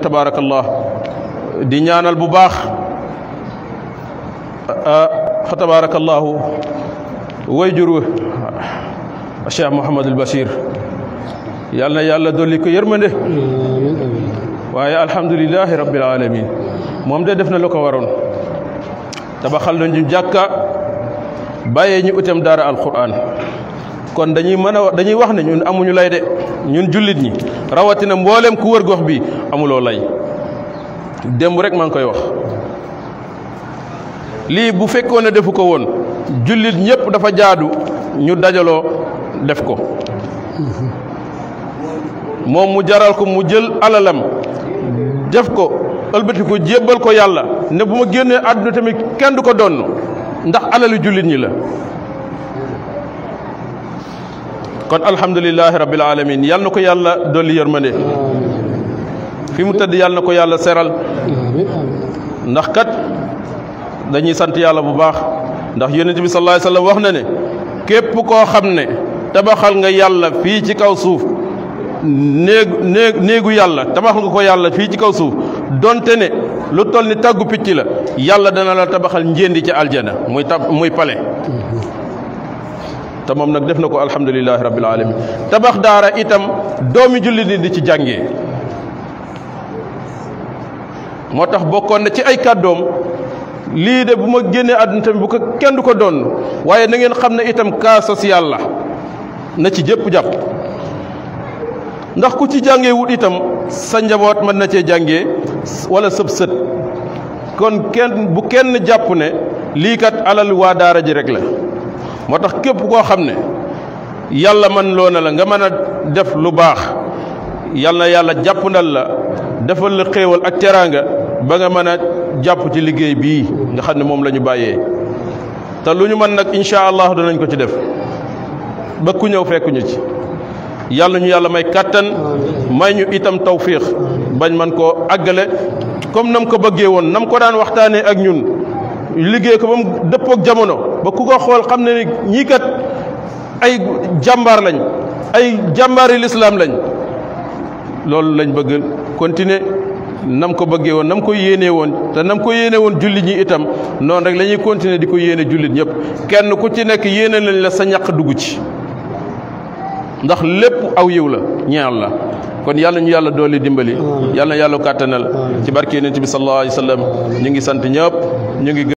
tabaarakallah di ñaanal bu baax ah, ah, fa tabaarakallahu way juru Cheikh Mouhamadul Bachir yal na yàlla dolli ko yërmande waaye alhamdulilahi rabbil alamin moom de def na lu ko waroon tabaxal nañu jàkka bàyyee ñu utem daara alquran kon dañuy mën a dañuy wax ne ñun amuñu lay de ñun jullit ñi rawatina mbooleem ku wër gox bi amuloo lay démb rek maa ngi koy wax lii bu fekkoon ne defu ko woon jullit ñëpp dafa jaadu ñu dajaloo def ko moom mu jaral ko mu jël alalam def ko ëlbati ko jébbal ko yàlla ne bu ma génnee àdduna tamit kenn du ko donn ndax alalu jullit ñi la kon alhamdulilahi rabbil alamin yal na ko yàlla dolli yërmande fi mu tëdd yal na ko yàlla seral ndax kat dañuy sant yàlla bu baax ndax yonent bi sallallahu wax na ne képp koo xam ne tabaxal nga yàlla fii ci kaw suuf néeg néeg néegu yàlla tabaxal nga ko yàlla fii ci kaw suuf donte ne lu toll ni tàggu picc la yàlla dana la tabaxal njéendi ci aljana muy tab muy pale te moom nag def na ko alhamdulilahi rabbil alamin tabax daara itam doomi jullit yi di ci jàngee moo tax bokkoon na ci ay kàddoom lii de bu ma génnee àdduna tamit bu ko kenn du ko doon waaye na ngeen xam ne itam cas social la na ci jépp jàpp ndax ku ci jàngee wut itam sa njaboot mën na cee jàngee walla sëb sët kon kenn bu kenn jàpp ne lii kat alal waa daara ji rek la moo tax képp koo xam ne yàlla man loo na la nga man a def lu baax yàlla na yàlla nal la defal la xéewal ak teraanga ba nga mën a jàpp ci liggéey bii nga xam ne moom la ñu bàyyee te lu ñu mën nag incha allah danañ ko ci def ba ku ñëw fekk ñu ci yàlla ñu yàlla may kàttan may ñu itam tawfiix bañ man koo àggale comme nam ko bëggee woon nam ko daan waxtaanee ak ñun liggéey ko ba mu dëppook jamono ba ku ko xool xam ne ni ñii kat ay jàmbaar lañ ay jàmbaari lislaam lañ loolu lañ bëgg continuer nam ko bëggee woon nam ko yéenee woon te nam ko yéene woon jullit ñi itam noonu rek la ñuy continuer di ko yéene jullit ñëpp kenn ku ci nekk yéene lañ la sa ñaq dugg ci ndax lépp aw yiw la ñeel la kon yàlla ñu yàlla doole dimbali yàlla yàlla kàttanal ci barke yonent bi sallallahu alayhi wa ñu ngi sant ñëpp ñu ngi